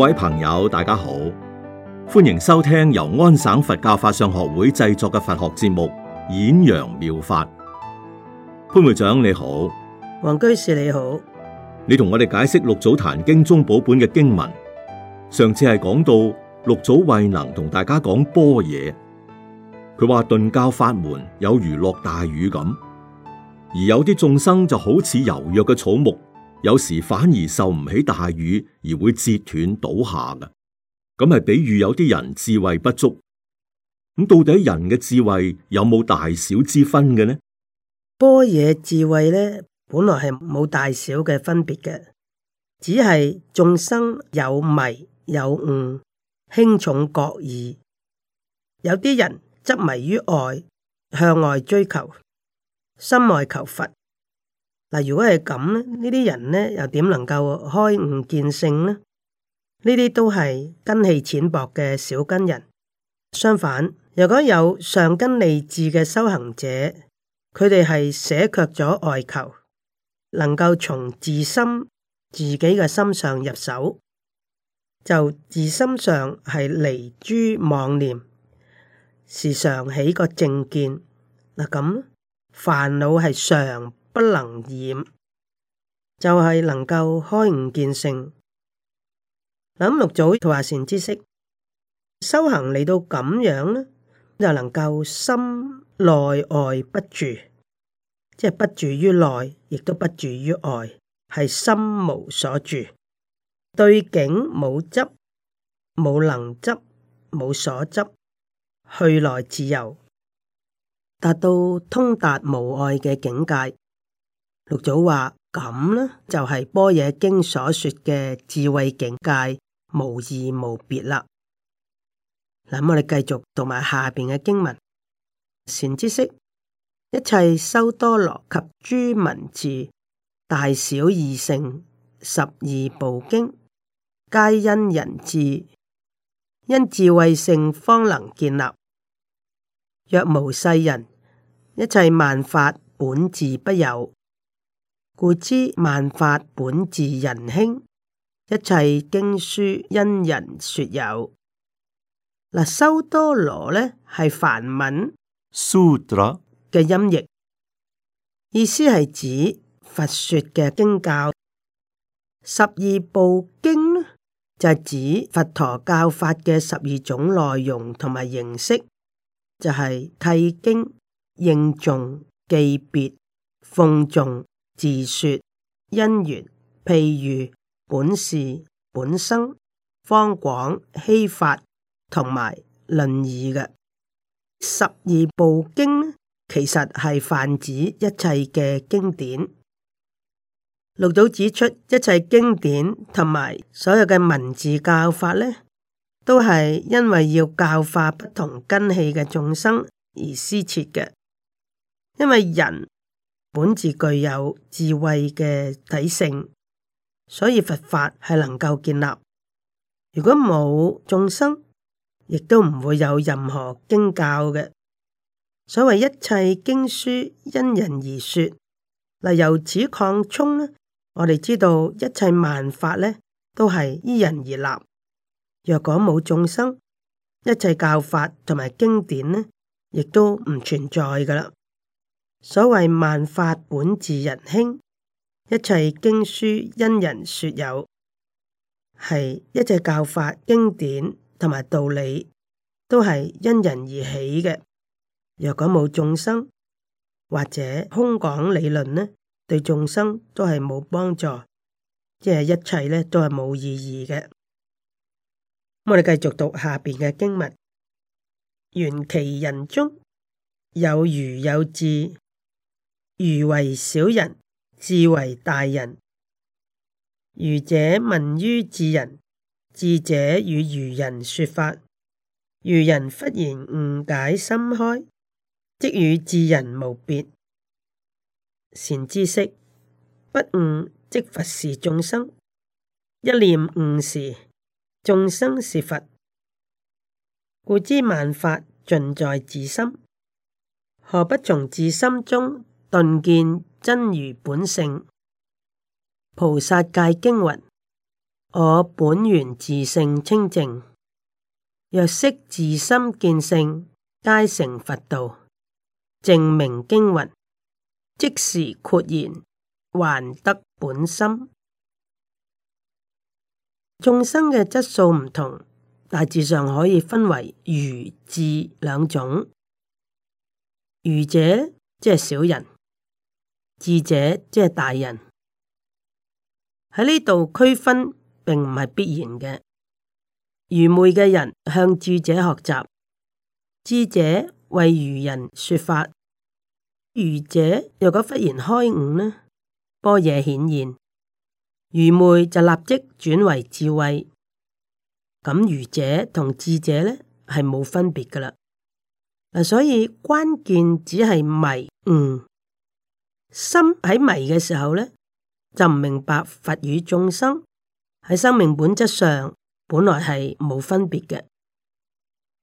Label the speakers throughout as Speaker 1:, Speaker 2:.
Speaker 1: 各位朋友，大家好，歡迎收聽由安省佛教法相學會製作嘅佛學節目《演揚妙,妙法》。潘會長你好，
Speaker 2: 黃居士你好，
Speaker 1: 你同我哋解釋六祖壇經中寶本嘅經文。上次係講到六祖慧能同大家講般若，佢話頓教法門有如落大雨咁，而有啲眾生就好似柔弱嘅草木。有時反而受唔起大雨，而會折斷倒下嘅。咁係比喻有啲人智慧不足。咁到底人嘅智慧有冇大小之分嘅呢？
Speaker 2: 般若智慧咧，本來係冇大小嘅分別嘅，只係眾生有迷有悟，輕重各異。有啲人執迷於愛，向外追求，心外求佛。嗱，如果係咁，呢啲人呢又點能夠開悟見性呢？呢啲都係根氣淺薄嘅小根人。相反，如果有上根利智嘅修行者，佢哋係捨卻咗外求，能夠從自心、自己嘅心上入手，就自心上係離諸妄念，時常起個正見。嗱，咁煩惱係常。不能染，就係能夠開悟見性。諗六祖話善知識修行嚟到咁樣啦，就能夠心內外不住，即係不住於內，亦都不住於外，係心無所住，對境冇執，冇能執，冇所執，去來自由，達到通達無礙嘅境界。六祖話：咁呢，就係般若經所說嘅智慧境界，無二無別啦。咁我哋繼續讀埋下邊嘅經文：善知識，一切修多羅及諸文字，大小二乘，十二部經，皆因人智，因智慧性方能建立。若無世人，一切萬法本自不有。故知萬法本自人興，一切經書因人説有。嗱，修多羅咧係梵文 Sutra 嘅音譯，意思係指佛説嘅經教。十二部經就係指佛陀教法嘅十二種內容同埋形式，就係、是、契經、應頌、記別、諷頌。自說因緣，譬喻、本事本生、方廣希法、同埋論議嘅十二部經呢，其實係泛指一切嘅經典。六祖指出，一切經典同埋所有嘅文字教法呢，都係因為要教化不同根器嘅眾生而施設嘅，因為人。本自具有智慧嘅體性，所以佛法係能夠建立。如果冇眾生，亦都唔會有任何經教嘅。所謂一切經書因人而說，嗱由此擴充呢，我哋知道一切萬法呢都係依人而立。若果冇眾生，一切教法同埋經典呢，亦都唔存在噶啦。所謂萬法本自人興，一切經書因人說有，係一切教法經典同埋道理都係因人而起嘅。若果冇眾生或者空講理論呢，對眾生都係冇幫助，即係一切呢都係冇意義嘅。我哋繼續讀下邊嘅經文：緣其人中有愚有智。愚為小人，智為大人。愚者問於智人，智者與愚人說法，愚人忽然誤解心開，即與智人無別。善知識，不悟即佛是眾生，一念悟時，眾生是佛。故知萬法盡在自心，何不從自心中？頓見真如本性，菩薩戒經云：我本源自性清淨，若識自心見性，皆成佛道。證明經云：即時豁然，還得本心。眾生嘅質素唔同，大致上可以分為愚智兩種。愚者即係小人。智者即係大人，喺呢度區分並唔係必然嘅。愚昧嘅人向智者學習，智者為愚人說法。愚者若果忽然開悟呢，般若顯現，愚昧就立即轉為智慧。咁愚者同智者呢，係冇分別噶啦。嗱，所以關鍵只係迷悟。嗯心喺迷嘅時候咧，就唔明白佛與眾生喺生命本質上本來係冇分別嘅。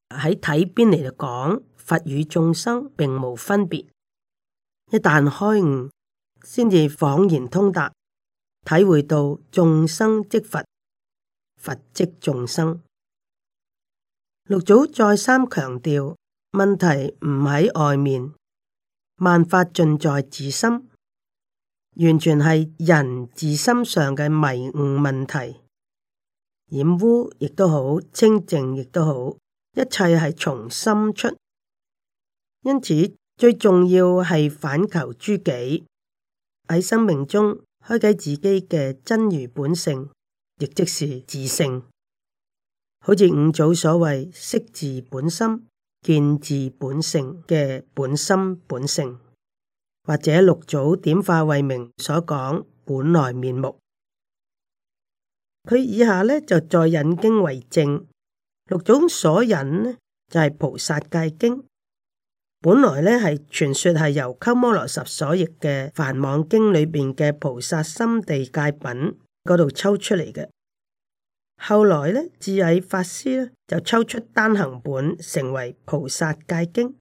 Speaker 2: 喺體邊嚟度講，佛與眾生並冇分別。一旦開悟，先至恍然通達，體會到眾生即佛，佛即眾生。六祖再三強調，問題唔喺外面。萬法盡在自心，完全係人自心上嘅迷悟問題，染污亦都好，清淨亦都好，一切係從心出，因此最重要係反求諸己，喺生命中開啟自己嘅真如本性，亦即是自性，好似五祖所謂識自本心。見自本性嘅本心本性，或者六祖點化惠明所講本來面目，佢以下呢就再引經為證。六祖所引呢，就係《菩薩戒經》，本來呢係傳說係由鳩摩羅什所譯嘅《梵網經》裏邊嘅《菩薩心地戒品》嗰度抽出嚟嘅。後來呢，智偉法師呢就抽出單行本，成為菩薩戒經。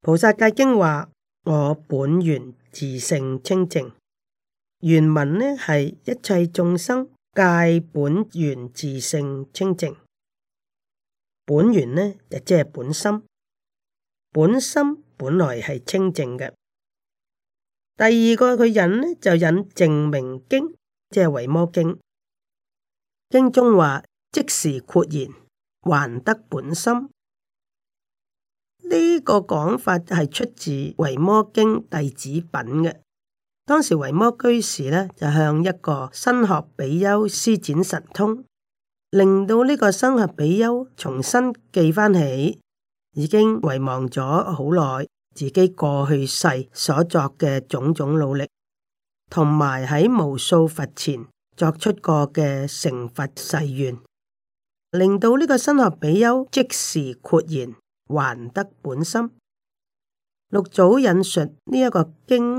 Speaker 2: 菩薩戒經話：我本源自性清淨。原文呢係一切眾生皆本源自性清淨。本源呢就即係本心，本心本來係清淨嘅。第二個佢引呢就引淨名經，即係維摩經。經中話即時豁然，還得本心。呢個講法係出自《維摩經弟子品》嘅。當時維摩居士呢，就向一個新學比丘施展神通，令到呢個新學比丘重新記翻起，已經遺忘咗好耐自己過去世所作嘅種種努力，同埋喺無數佛前，作出過嘅成佛誓願，令到呢個新學比丘即時豁然還得本心。六祖引述呢一個經，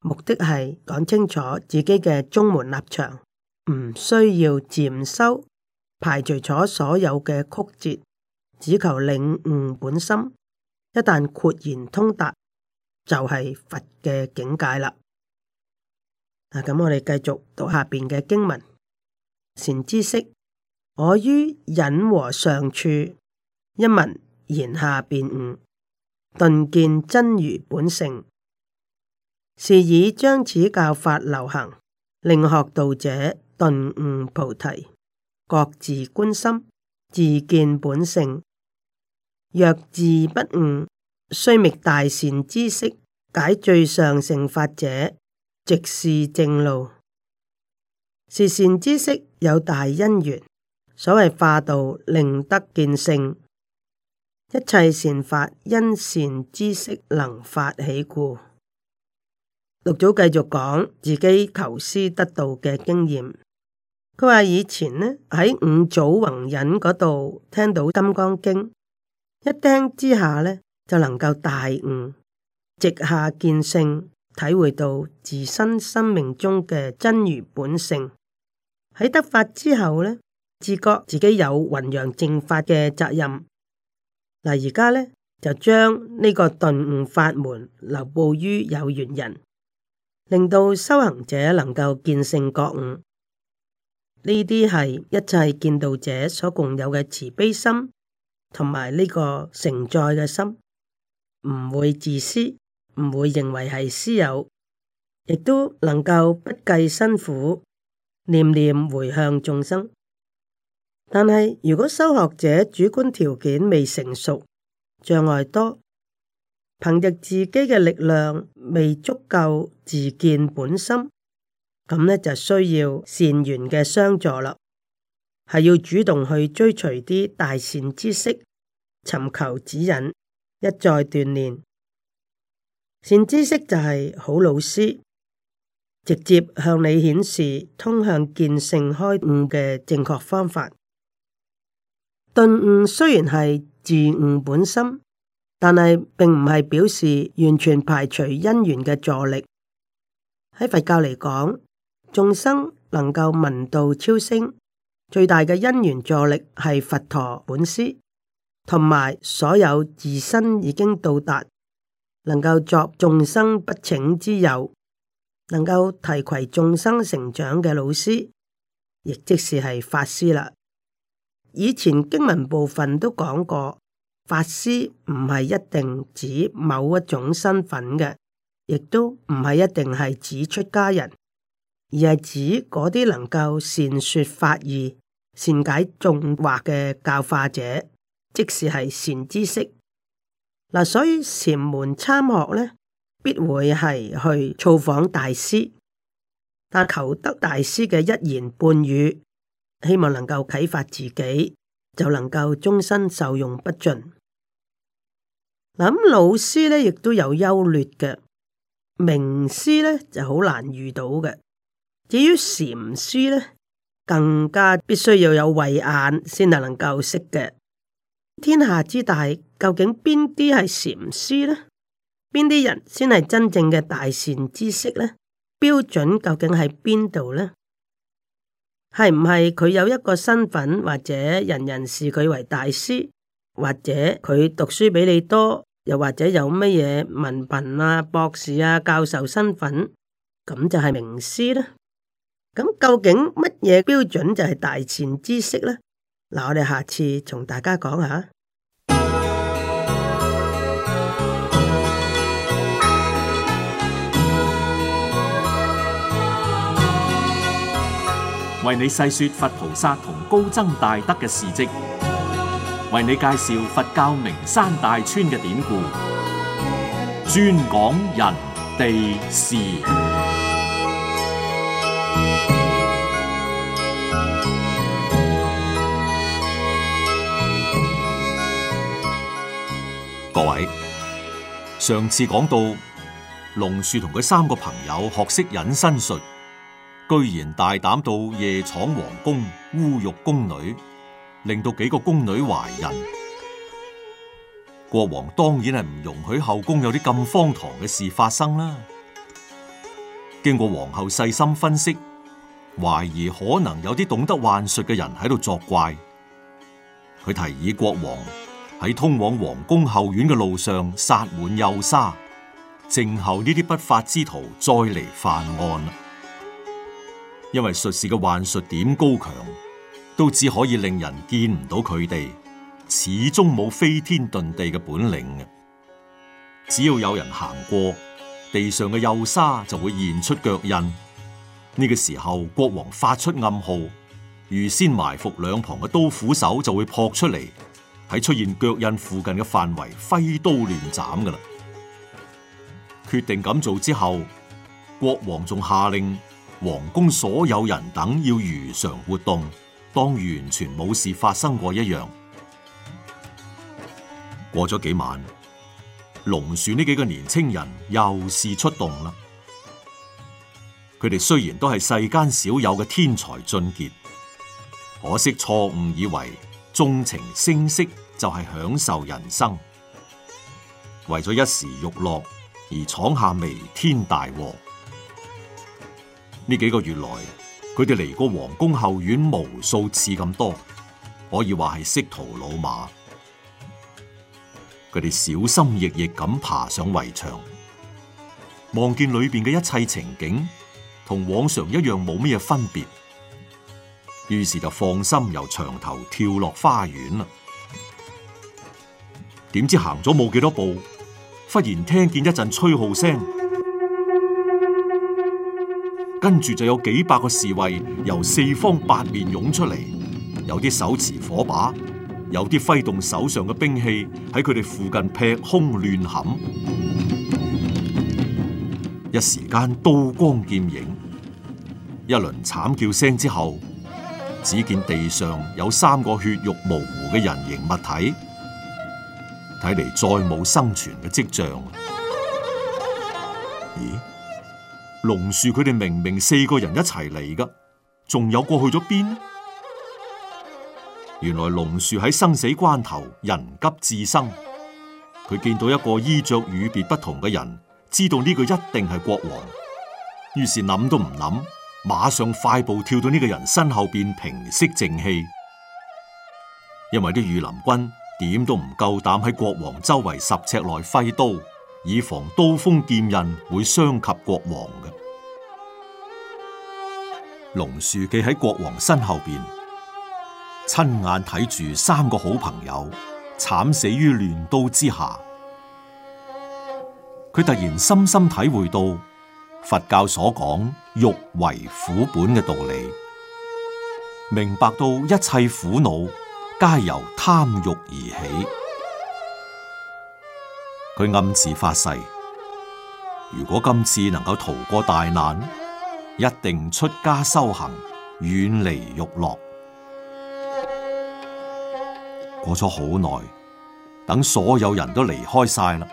Speaker 2: 目的係講清楚自己嘅宗門立場，唔需要漸修，排除咗所有嘅曲折，只求領悟本心。一旦豁然通達，就係佛嘅境界啦。嗱，咁我哋繼續讀下邊嘅經文。善知識，我於忍和上處，一聞言下便悟，頓見真如本性，是以將此教法流行，令學道者頓悟菩提，各自觀心，自見本性。若自不悟，須覓大善知識，解最上乘法者。直示正路，是善知識有大因緣。所謂化道，令得見性。一切善法，因善知識能發起故。六祖繼續講自己求師得道嘅經驗。佢話以前呢喺五祖弘忍嗰度聽到《金剛經》，一聽之下呢就能夠大悟，直下見性。體會到自身生命中嘅真如本性，喺得法之後，呢自覺自己有弘揚正法嘅責任。嗱，而家呢，就將呢個頓悟法門留步於有緣人，令到修行者能夠見性覺悟。呢啲係一切見道者所共有嘅慈悲心，同埋呢個承載嘅心，唔會自私。唔會認為係私有，亦都能夠不計辛苦，念念回向眾生。但係如果修學者主觀條件未成熟，障礙多，憑藉自己嘅力量未足夠自見本心，咁呢就需要善緣嘅相助啦，係要主動去追隨啲大善知識，尋求指引，一再鍛煉。善知識就係好老師，直接向你顯示通向見性開悟嘅正確方法。頓悟雖然係自悟本心，但係並唔係表示完全排除因緣嘅助力。喺佛教嚟講，眾生能夠聞道超升，最大嘅因緣助力係佛陀本師同埋所有自身已經到達。能夠作眾生不請之友，能夠提攜眾生成長嘅老師，亦即是係法師啦。以前經文部分都講過，法師唔係一定指某一種身份嘅，亦都唔係一定係指出家人，而係指嗰啲能夠善說法義、善解眾惑嘅教化者，即使係善知識。嗱，所以禪門參學咧，必會係去造訪大師，但求得大師嘅一言半語，希望能夠啟發自己，就能夠終身受用不盡。嗱，咁老師咧亦都有優劣嘅，名師咧就好難遇到嘅，至於禪師咧，更加必須要有慧眼先能夠識嘅。天下之大。究竟邊啲係禪師呢？邊啲人先係真正嘅大善知識呢？標準究竟喺邊度呢？係唔係佢有一個身份或者人人視佢為大師，或者佢讀書比你多，又或者有乜嘢文憑啊、博士啊、教授身份，咁就係名師呢？咁究竟乜嘢標準就係大善知識呢？嗱，我哋下次同大家講下。
Speaker 1: 為你細說佛菩薩同高僧大德嘅事蹟，為你介紹佛教名山大川嘅典故，專講人地事。各位，上次講到龍樹同佢三個朋友學識隱身術。居然大膽到夜闖皇宮污辱宮女，令到幾個宮女懷孕。國王當然係唔容許後宮有啲咁荒唐嘅事發生啦。經過皇后細心分析，懷疑可能有啲懂得幻術嘅人喺度作怪。佢提議國王喺通往皇宮後院嘅路上撒滿幼沙，靜候呢啲不法之徒再嚟犯案啦。因為術士嘅幻術點高強，都只可以令人見唔到佢哋，始終冇飛天遁地嘅本領嘅。只要有人行過地上嘅幼沙，就會現出腳印。呢個時候，國王發出暗號，預先埋伏兩旁嘅刀斧手就會撲出嚟，喺出現腳印附近嘅範圍揮刀亂斬噶啦。決定咁做之後，國王仲下令。皇宮所有人等要如常活動，當完全冇事發生過一樣。過咗幾晚，龍船呢幾個年青人又試出動啦。佢哋雖然都係世間少有嘅天才俊傑，可惜錯誤以為縱情聲色就係享受人生，為咗一時欲樂而闖下彌天大禍。呢幾個月來，佢哋嚟過皇宮後院無數次咁多，可以話係識途老馬。佢哋小心翼翼咁爬上圍牆，望見裏邊嘅一切情景同往常一樣冇咩嘢分別，於是就放心由牆頭跳落花園啦。點知行咗冇幾多步，忽然聽見一陣吹號聲。跟住就有幾百個侍衛由四方八面湧出嚟，有啲手持火把，有啲揮動手上嘅兵器喺佢哋附近劈空亂砍，一時間刀光劍影，一輪慘叫聲之後，只見地上有三個血肉模糊嘅人形物體，睇嚟再冇生存嘅跡象。咦？龍樹佢哋明明四個人一齊嚟㗎，仲有個去咗邊？原來龍樹喺生死關頭，人急智生，佢見到一個衣着與別不同嘅人，知道呢個一定係國王，於是諗都唔諗，馬上快步跳到呢個人身後邊，平息靜氣。因為啲御林軍點都唔夠膽喺國王周圍十尺內揮刀。以防刀鋒劍刃會傷及國王嘅，龍樹企喺國王身後邊，親眼睇住三個好朋友慘死於亂刀之下，佢突然深深體會到佛教所講欲為苦本嘅道理，明白到一切苦惱皆由貪欲而起。佢暗自發誓，如果今次能夠逃過大難，一定出家修行，遠離欲樂。過咗好耐，等所有人都離開晒啦，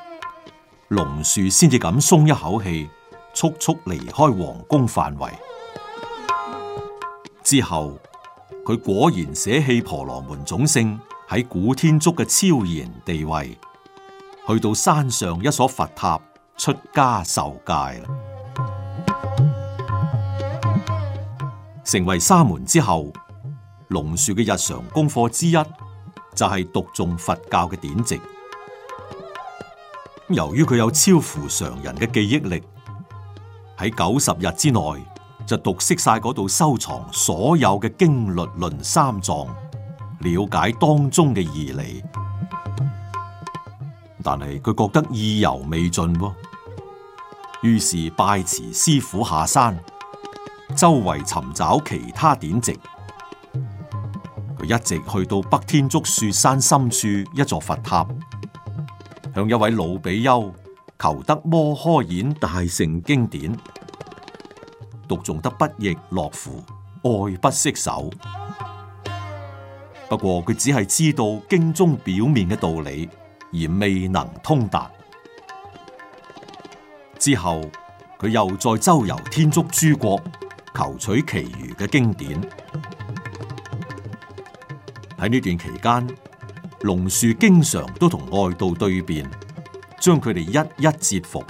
Speaker 1: 龍樹先至敢鬆一口氣，速速離開皇宮範圍。之後，佢果然捨棄婆羅門種姓喺古天竺嘅超然地位。去到山上一所佛塔出家受戒啦，成為沙門之後，龍樹嘅日常功課之一就係、是、讀誦佛教嘅典籍。由於佢有超乎常人嘅記憶力，喺九十日之內就讀識晒嗰度收藏所有嘅經律論三藏，了解當中嘅義理。但係佢覺得意猶未盡、哦，於是拜辭師傅下山，周圍尋找其他典籍。佢一直去到北天竺雪山深處一座佛塔，向一位老比丘求得摩訶衍大乘經典，讀誦得不亦樂乎，愛不釋手。不過佢只係知道經中表面嘅道理，而未能通達。之後佢又再周遊天竺諸國，求取其餘嘅經典。喺呢段期間，龍樹經常都同外道對辯，將佢哋一一折伏。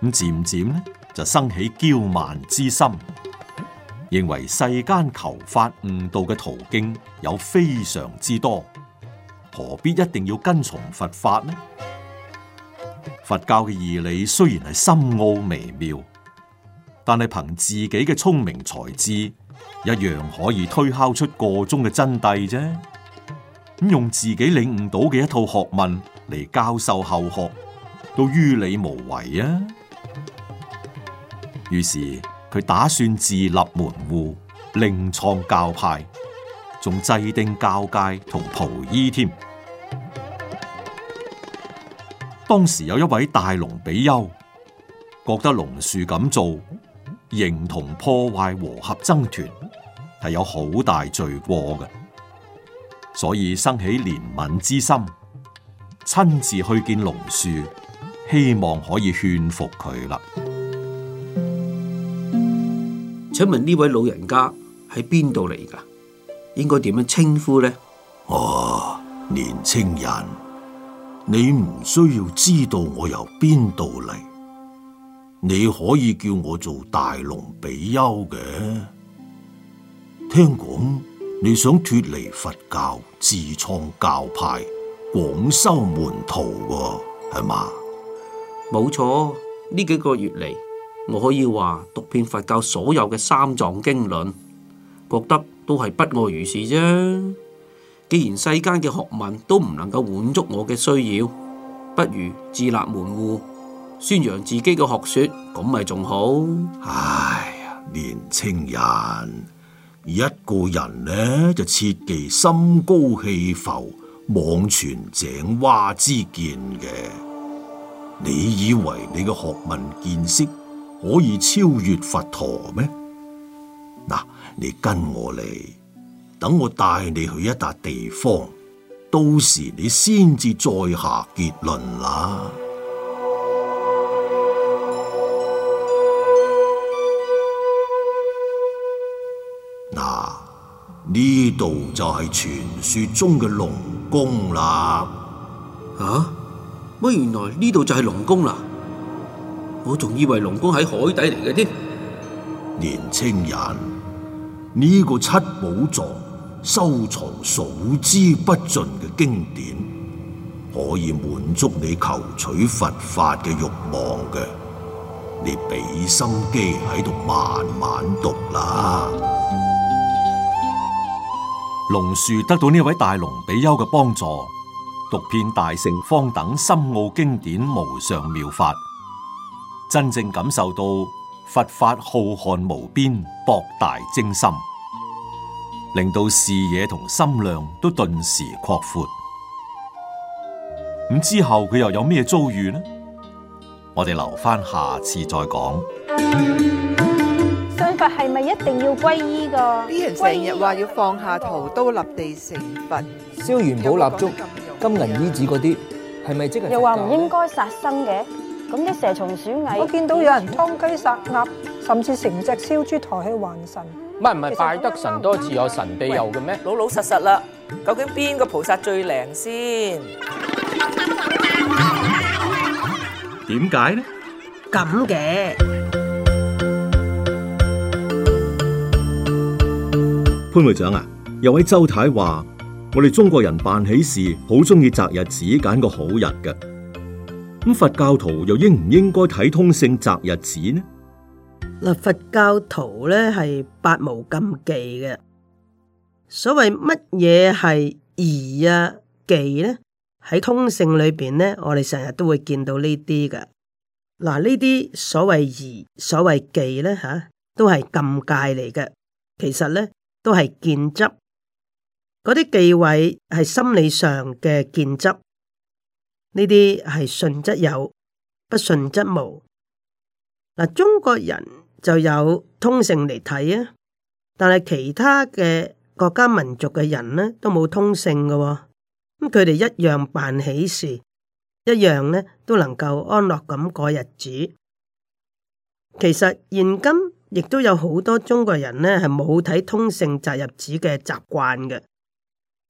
Speaker 1: 咁漸漸呢，就生起驕慢之心，認為世間求法悟道嘅途徑有非常之多。何必一定要跟從佛法呢？佛教嘅義理雖然係深奧微妙，但係憑自己嘅聰明才智，一樣可以推敲出個中嘅真諦啫。咁用自己領悟到嘅一套學問嚟教授後學，都於理無違啊。於是佢打算自立門戶，另創教派。仲制定教戒同袍衣添。當時有一位大龍比丘，覺得龍樹咁做，形同破壞和合爭團，係有好大罪過嘅，所以生起憐憫之心，親自去見龍樹，希望可以勸服佢啦。請問呢位老人家喺邊度嚟噶？應該點樣稱呼呢？我、哦、年青人，你唔需要知道我由邊度嚟，你可以叫我做大龍比丘嘅。聽講你想脫離佛教，自創教派，廣收門徒係、啊、嘛？冇錯，呢幾個月嚟，我可以話讀遍佛教所有嘅三藏經論，覺得。都係不外如是啫。既然世間嘅學問都唔能夠滿足我嘅需要，不如自立門戶，宣揚自己嘅學說，咁咪仲好？唉，年輕人，一個人呢就切忌心高氣浮、妄傳井蛙之見嘅。你以為你嘅學問見識可以超越佛陀咩？嗱。你跟我嚟，等我帶你去一笪地方，到時你先至再下結論啦。嗱，呢度就係傳說中嘅龍宮啦。啊，乜、啊、原來呢度就係龍宮啦？我仲以為龍宮喺海底嚟嘅添。年青人，呢個七寶藏收藏數之不盡嘅經典，可以滿足你求取佛法嘅慾望嘅。你俾心機喺度慢慢讀啦。龍樹得到呢位大龍比丘嘅幫助，讀遍大乘方等深奧經典無上妙法，真正感受到。佛法浩瀚無邊，博大精深，令到視野同心量都頓時擴闊,闊。咁之後佢又有咩遭遇呢？我哋留翻下,下次再講。信佛係咪一定要皈依噶？啲人成日話要放下屠刀立地成佛，燒元寶蠟燭、有有金銀衣紙嗰啲，係咪即係又話唔應
Speaker 2: 該殺生嘅？咁啲蛇蟲鼠蟻，我見到有人劏雞殺鴨，甚至成隻燒豬抬去還神。
Speaker 1: 唔係唔係，拜得神多自有神庇佑嘅咩？老老實實啦，究竟邊個菩薩最靈
Speaker 2: 先？
Speaker 1: 點解
Speaker 2: 呢？咁嘅
Speaker 1: 潘會長啊，有位周太話，我哋中國人辦喜事好中意擇日子揀個好日嘅。咁佛教徒又應唔應該睇通勝擇日子呢？
Speaker 2: 嗱，佛教徒咧，係百無禁忌嘅。所謂乜嘢係宜啊忌呢？喺通勝裏邊呢，我哋成日都會見到呢啲噶。嗱、啊，呢啲所謂宜、所謂忌咧吓、啊，都係禁戒嚟嘅。其實咧都係見執，嗰啲忌位係心理上嘅見執。呢啲係信則有，不信則無。嗱，中國人就有通勝嚟睇啊，但係其他嘅國家民族嘅人呢，都冇通勝嘅、哦，咁佢哋一樣辦喜事，一樣呢都能夠安樂咁過日子。其實現今亦都有好多中國人呢係冇睇通勝擇日子嘅習慣嘅，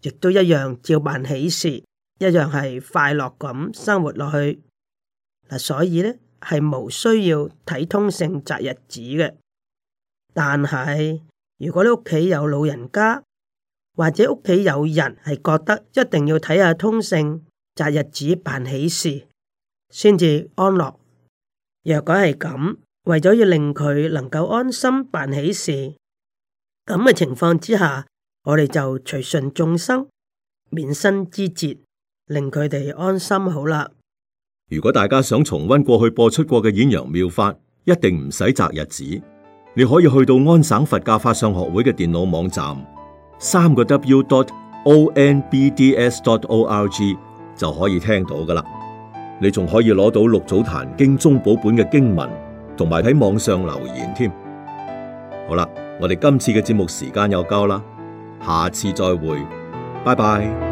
Speaker 2: 亦都一樣照辦喜事。一樣係快樂咁生活落去。嗱，所以咧，係無需要睇通勝擇日子嘅。但係如果你屋企有老人家或者屋企有人係覺得一定要睇下通勝擇日子辦喜事先至安樂，若果係咁，為咗要令佢能夠安心辦喜事，咁嘅情況之下，我哋就隨順眾生免身之節。令佢哋安心好啦。
Speaker 1: 如果大家想重溫過去播出過嘅演揚妙法，一定唔使擇日子。你可以去到安省佛教法相學會嘅電腦網站，嗯、三個 w.dot.o.n.b.d.s.dot.o.r.g 就可以聽到噶啦。你仲可以攞到六祖壇經宗寶本嘅經文，同埋喺網上留言添。好啦，我哋今次嘅節目時間又夠啦，下次再會，拜拜。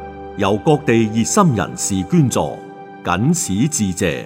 Speaker 1: 由各地熱心人士捐助，僅此致謝。